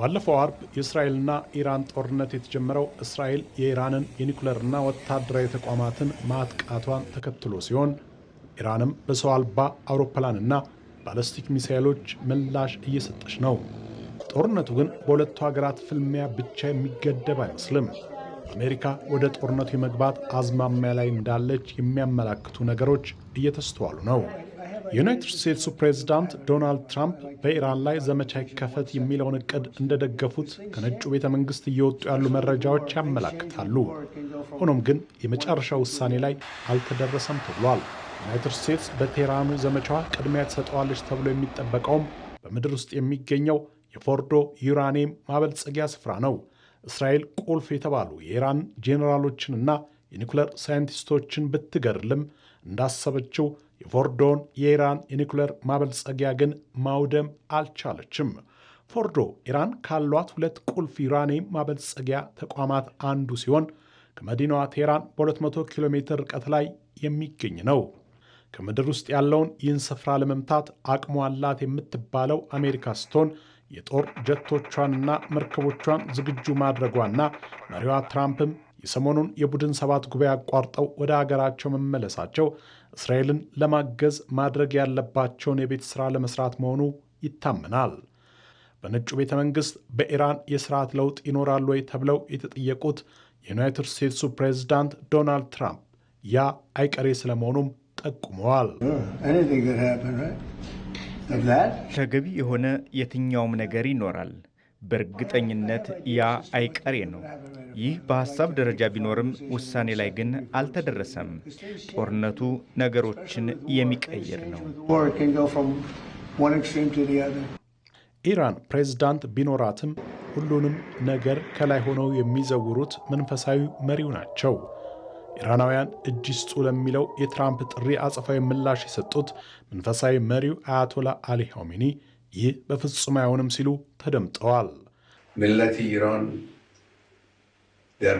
ባለፈው አርብ የእስራኤልና ኢራን ጦርነት የተጀመረው እስራኤል የኢራንን የኒኩለርና ወታደራዊ ተቋማትን ማጥቃቷን ተከትሎ ሲሆን ኢራንም በሰው አልባ አውሮፕላንና ባለስቲክ ሚሳይሎች ምላሽ እየሰጠች ነው። ጦርነቱ ግን በሁለቱ ሀገራት ፍልሚያ ብቻ የሚገደብ አይመስልም። አሜሪካ ወደ ጦርነቱ የመግባት አዝማሚያ ላይ እንዳለች የሚያመላክቱ ነገሮች እየተስተዋሉ ነው። የዩናይትድ ስቴትሱ ፕሬዚዳንት ዶናልድ ትራምፕ በኢራን ላይ ዘመቻ ይከፈት የሚለውን እቅድ እንደደገፉት ከነጩ ቤተ መንግስት እየወጡ ያሉ መረጃዎች ያመላክታሉ። ሆኖም ግን የመጨረሻ ውሳኔ ላይ አልተደረሰም ተብሏል። ዩናይትድ ስቴትስ በቴህራኑ ዘመቻዋ ቅድሚያ ትሰጠዋለች ተብሎ የሚጠበቀውም በምድር ውስጥ የሚገኘው የፎርዶ ዩራኒየም ማበልጸጊያ ስፍራ ነው። እስራኤል ቁልፍ የተባሉ የኢራን ጄኔራሎችንና የኒኩለር ሳይንቲስቶችን ብትገድልም እንዳሰበችው የፎርዶን የኢራን የኒኩሌር ማበልጸጊያ ግን ማውደም አልቻለችም። ፎርዶ ኢራን ካሏት ሁለት ቁልፍ ዩራኒየም ማበልጸጊያ ተቋማት አንዱ ሲሆን ከመዲናዋ ቴህራን በ200 ኪሎ ሜትር ርቀት ላይ የሚገኝ ነው። ከምድር ውስጥ ያለውን ይህን ስፍራ ለመምታት አቅሙ አላት የምትባለው አሜሪካ ስትሆን የጦር ጀቶቿንና መርከቦቿን ዝግጁ ማድረጓና መሪዋ ትራምፕም የሰሞኑን የቡድን ሰባት ጉባኤ አቋርጠው ወደ አገራቸው መመለሳቸው እስራኤልን ለማገዝ ማድረግ ያለባቸውን የቤት ሥራ ለመስራት መሆኑ ይታመናል። በነጩ ቤተ መንግሥት በኢራን የሥርዓት ለውጥ ይኖራል ወይ ተብለው የተጠየቁት የዩናይትድ ስቴትሱ ፕሬዝዳንት ዶናልድ ትራምፕ ያ አይቀሬ ስለመሆኑም ጠቁመዋል። ተገቢ የሆነ የትኛውም ነገር ይኖራል በእርግጠኝነት ያ አይቀሬ ነው። ይህ በሐሳብ ደረጃ ቢኖርም ውሳኔ ላይ ግን አልተደረሰም። ጦርነቱ ነገሮችን የሚቀይር ነው። ኢራን ፕሬዝዳንት ቢኖራትም ሁሉንም ነገር ከላይ ሆነው የሚዘውሩት መንፈሳዊ መሪው ናቸው። ኢራናውያን እጅ ስጡ ለሚለው የትራምፕ ጥሪ አጸፋዊ ምላሽ የሰጡት መንፈሳዊ መሪው አያቶላ አሊ ሆሚኒ ይህ በፍጹም አይሆንም ሲሉ ተደምጠዋል። ምለት ኢራን ደር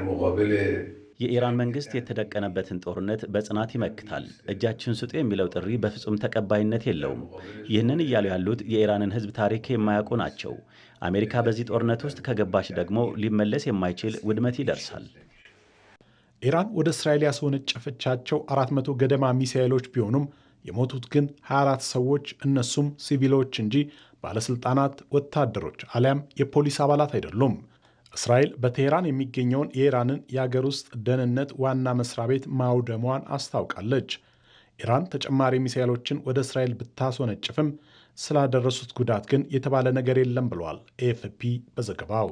የኢራን መንግስት የተደቀነበትን ጦርነት በጽናት ይመክታል። እጃችን ስጡ የሚለው ጥሪ በፍጹም ተቀባይነት የለውም። ይህንን እያሉ ያሉት የኢራንን ሕዝብ ታሪክ የማያውቁ ናቸው። አሜሪካ በዚህ ጦርነት ውስጥ ከገባች ደግሞ ሊመለስ የማይችል ውድመት ይደርሳል። ኢራን ወደ እስራኤል ያስወነጨፈቻቸው አራት መቶ ገደማ ሚሳኤሎች ቢሆኑም የሞቱት ግን 24 ሰዎች እነሱም ሲቪሎች እንጂ ባለሥልጣናት፣ ወታደሮች አሊያም የፖሊስ አባላት አይደሉም። እስራኤል በቴህራን የሚገኘውን የኢራንን የአገር ውስጥ ደህንነት ዋና መስሪያ ቤት ማውደሟን አስታውቃለች። ኢራን ተጨማሪ ሚሳይሎችን ወደ እስራኤል ብታስወነጭፍም ስላደረሱት ጉዳት ግን የተባለ ነገር የለም ብሏል ኤፍፒ በዘገባው።